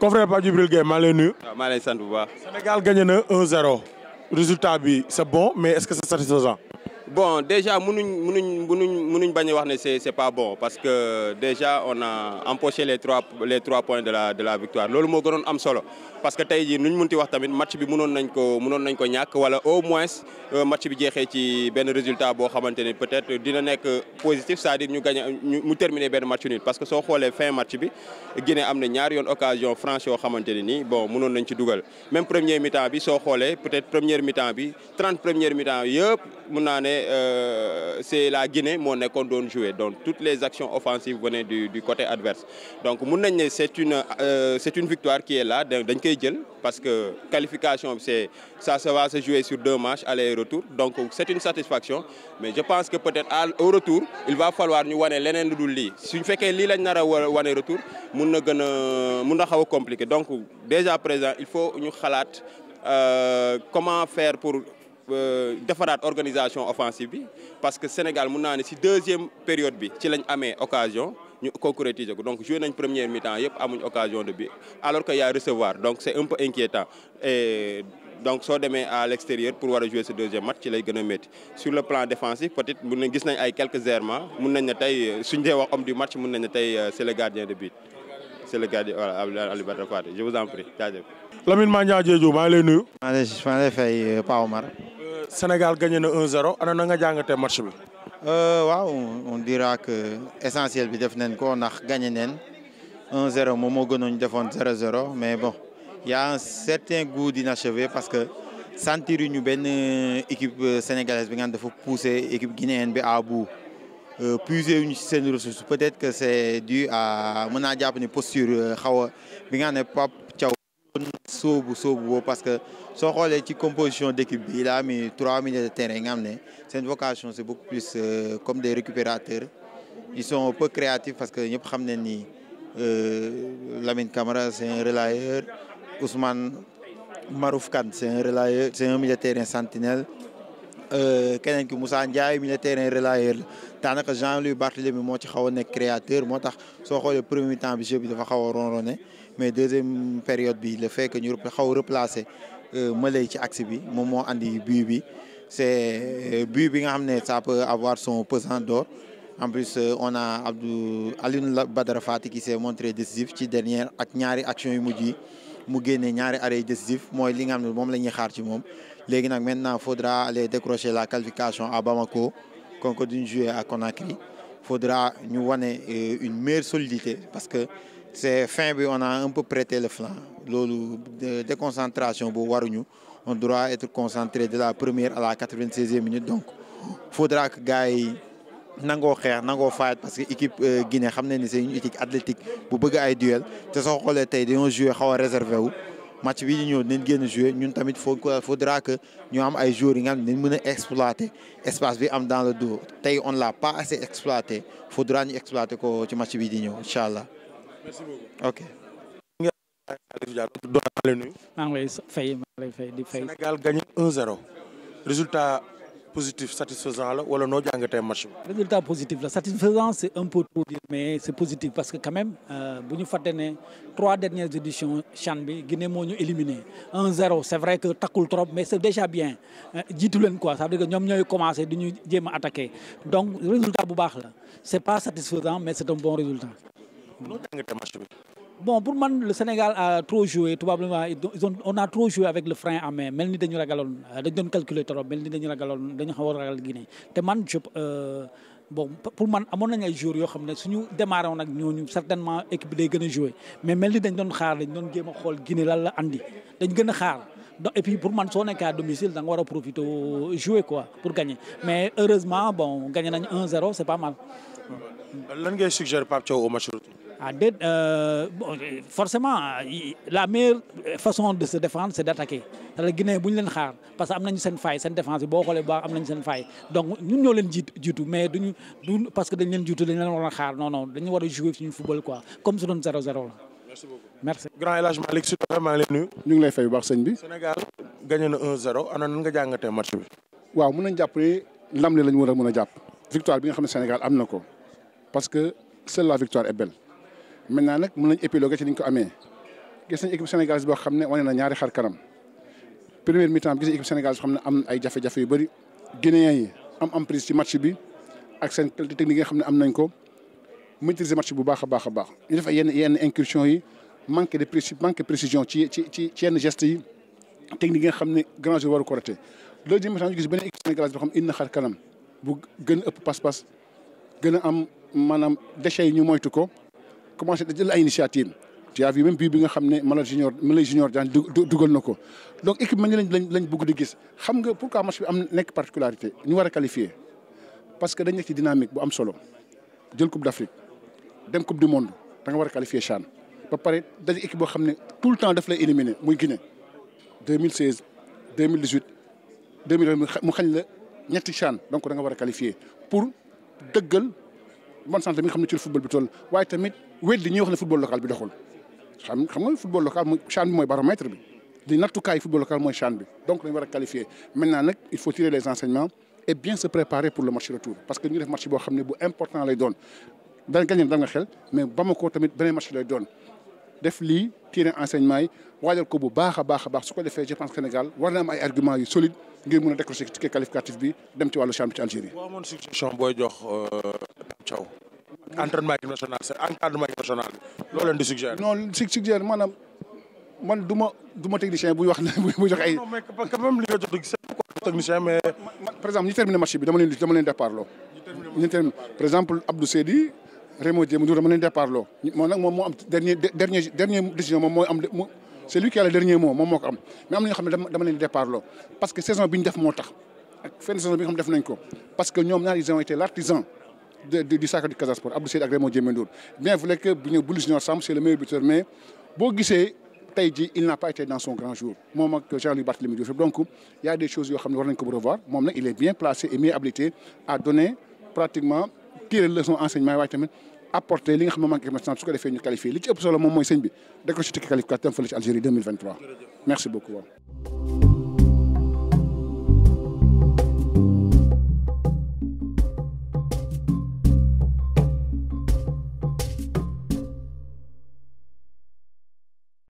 confrère Pape Djibril Gueye maa ngi lay nuyu. waaw maa lay sant bu baax. Sénégal gagné na 1 résultat bi c'est bon mais est-ce que c'est satisfaisant. Bon, déjà, munuñ ne pouvons pas dire que ce n'est pas bon parce que déjà, on a empoché les trois, les trois points de la, de la victoire. C'est ce que nous solo. Parce que aujourd'hui, nous pouvons dire que le match est un peu ou au moins, le euh, match est benn résultat peut-être positif, c'est-à-dire que nous terminons un match nul. Parce que si on regarde fin du match, Guinée a ñaar une occasion franche au Hamantini, bon, nous pouvons pas Même premier mi-temps, si on regarde, peut-être première mi-temps, 30 premières mi-temps, mun naa ne euh, c'est la Guinée moo nekkoon doon jouer donc toutes les actions offensives venaient du du côté adverse donc mun nañ ne c'est une euh, c'est une victoire qui est là dañ koy jël parce que qualification bi c'est ça se va se jouer sur deux matchs retour donc c'est une satisfaction mais je pense que peut-être au retour il va falloir ñu wane leneen du dul lii ñu fekkee lii lañ nar a wane retour mun na gën a mun na xaw a compliqué donc déjà présent il faut ñu xalaat euh, comment faire pour Euh, defaraat organisation offensive bi parce que Sénégal mun naa ne si deuxième période bi ci lañ amee occasion ñu concrétiser ko donc joué nañ première mi-temps yëpp amuñ occasion de but alors que yaa recevoir donc c'est un peu inquiétant et donc soo demee à l'extérieur pour war a jouer ce deuxième match ci lay gën a métti sur le plan défensif peut-être mun nañ gis nañ ay quelques errements mun euh, mun nañ ne tey euh, c'est le gardien de but c'est le gardien voilà Aliou Sénégal gagné na 1-0 ana na nga jàngatee match bi. Euh, waaw on dira que essentiel bi def nañ ko ndax gagné neen 1-0 moom moo gënoon defoon 0 mais bon ya a un certain goût d'inachevé parce que sentir ñu benn euh, équipe euh, sénégalaise bi nga xam dafa poussé équipe guinéenne bi à bout. puiser ñu ci seen ressources peut-être que c'est dû à mën naa jàpp ne posture xaw a bi nga xam sóobu sóobu boobu parce que soo xoolee ci composition d' équipe il a mis trois milieux de terrain nga ne seen vocation c' est beaucoup plus euh, comme des récupérateurs ils sont peu créatifs parce que ñëpp xam ne ni euh, Lamine Camara c' est un relayeur Ousmane Marouf Kane c' un relayeur c' un milieu de terrain sentinelle Euh, keneen ki Moussa Ndiaye mi ne terrain relayeur la daanaka Jean-Louis Barthélémy moo ci xaw a nekk créateur moo tax soo xoolee premier temps bi jeu bi dafa xaw a mais deuxième période bi le fait que ñu xaw a replacé euh, Malay ci axe bi moom moo andi but bi c'est euh, but bi nga xam ne saa peut avoir son pesant d'or en plus on a Abdou Alioune Badara Fati qui s'est montré décisif ci dernière ak ñaari action yu mujj yi mu génne ñaari arrêt décisif mooy li nga xam ne moom la ñuy xaar ci moom léegi nag maintenant faudra aller décrocher la qualification à Bamako kon ko duñ jouer à Conakry faudra ñu wane euh, une meilleure solidité parce que c'est fin bi on a un peu prêté le flanc loolu déconcentration boobu waruñu on doit être concentré de la première à la quatre-vingt-seizième minute donc faudra que gars nangoo xeex nangoo faayat parce que équipe euh, Guinée xam ne ni c'est une équipe athlétique bu bëgg ay duel te soo xoolee tey dañoo joué xaw a réservé wu match bi ñu ñëw dinañ génn joué ñun tamit faut faudra que ñu am ay joueurs yi nga xam ne dinañ mën a exploiter espace bi am dans le dos tey on l'a pas assez exploité faudra ñu exploiter ko ci match bi di ñëw incha allah. merci beaucoup ok. maa ngi lay fay di fay. Sénégal gagné 1-0 positif satisfaisant la wala noo jàngatee match bi. résultat positif la satisfaisant c'est un peu trop mais c'est positif parce que quand même euh, bu ñu fàtte ne trois dernières éditions CHAN bi Guinée moo ñu éliminé 1-0 c'est vrai que takkul trop mais c'est déjà bien euh, jiitu leen quoi ça que ñoom ñooy commencé di ñu jéem a attaqué donc résultat bu baax la c'est pas satisfaisant mais c'est un bon résultat. noo bi. bon pour man le Sénégal a trop joué probablement ils ont on a trop joué avec le frein à main mel ni dañu ragaloon dañ doon calculer mel ni dañu ragaloon dañu xaw a ragal Guinée te man je euh, bon pour man amoon nañ ay joueurs yoo xam ne suñu démarré woon ak ñooñu certainement équipe day gën a joué mais mel ni dañ doon xaar dañ doon jéem a xool Guinée lan la andi dañ gën a xaar donc et puis pour man soo nekkee à domicile da nga war a profiter jouer quoi pour gagner mais heureusement bon gagné nañ 1-0 c'est lan ngay suggérer Pape Thiaw au ah déet euh, bon forcément euh, la meilleure façon de se défendre c'est d'attaquer c'est-à-dire bu ñu leen xaar parce que am nañu seen faay seen défense boo xoolee baax am nañu seen faay donc ñun ñoo leen jiitu jiitu mais duñu du parce que dañ leen jiitu dañ leen war a xaar non non dañu war a jouer suñu football quoi comme su doon 0-0 la. merci beaucoup grand El Hadj Malick si maa ngi lay ñu ngi lay fay bu baax sëñ bi. Sénégal gagné na 1-0 ana nga jàngatee match bi. waaw mën nañu jàpp ne lam lañu war a mën a jàpp. victoire bi nga xam ne Sénégal am na ko parce que seule la victoire est maintenant nag mën nañ épiloguer ci ni ñu ko amee gis nañ équipe sénégalaise boo xam ne wane na ñaari xar kanam première mi-temps bi équipe sénégalaise boo xam ne am ay jafe yu bëri guinéens yi am emprise ci match bi ak seen qualité technique nga xam ne am nañ ko maîtriser match bu baax a baax a baax ñu def ay yenn yenn incursion yi manque de préci manque précision ci ci ci yenn gest yi technique yi nga xam ne grand joueur waru ko raté deuxième mi-temps ñu gis beneen équipe sénégalaise boo xam ne na xar kanam bu gën ëpp pass-pass gën a am maanaam déchets yi ñu moytu ko commencé da jël ay initiative tu as vu même bii bi nga xam ne Malal junior Malal junior daan dugal na ko donc équipe man lañ lañ lañ di gis xam nga pourquoi match bi am nekk particularité ñu war a qualifier parce que dañ nekk ci dynamique bu am solo jël coupe d'Afrique dem coupe du monde da nga war a qualifier CHAN ba pare daje équipe boo xam ne tout le temps daf lay éliminer muy Guinée 2016 2018 2020 mu xañ la ñetti CHAN donc danga war a qualifier pour dëggal. bonne santé bi xam ne ci football bi toll waaye tamit wéet li ñuy ne football local bi doxul xam nga football local bi mooy baromètre bi li nattukaayu football local mooy CHAN bi donc dañu war a qualifier maintenant nag il faut tirer les enseignements et bien se préparer pour le match retour parce que ñu def match boo xam ne bu important lay doon daan gagné daan nga xel mais Bamako tamit beneen match lay doon def lii tirer enseignement yi a baax a coow entraînement équipe nationale c'est encadrement équipe nationale leen di suggérer. non su suggérer man du ma technicien buy wax buy jox ay. par exemple ñu terminé match bi dama leen dama loo. ñu terminé par exemple Abdou Seydi Rémo Diémou Ndour dama leen départ loo. moom nag moo am dernier dernier dernier décision am c'est lui qui a dernier mot moo ko am mais am na xam ne dama leen départ loo parce que saison bi def moo tax ak fenn saison xam def nañ ko parce que ñoom ñaari ils du sacre du Casa Sport Abdou Seydi ak Raymond bien vrai que bu ñu bulus ñu le meilleur buteur mais boo gisee tey jii il n'a pas été dans son grand jour moom ak Jean-Louis Barthélemy Diouf donc il y a des choses yoo xam ne war nañ ko revoir moom nag il est bien placé et mieux habilité à donner pratiquement tirer leçon enseignement yi waaye tamit apporter li nga xam ne manqué maintenant su ko defee ñu qualifié li ci ëpp solo moom mooy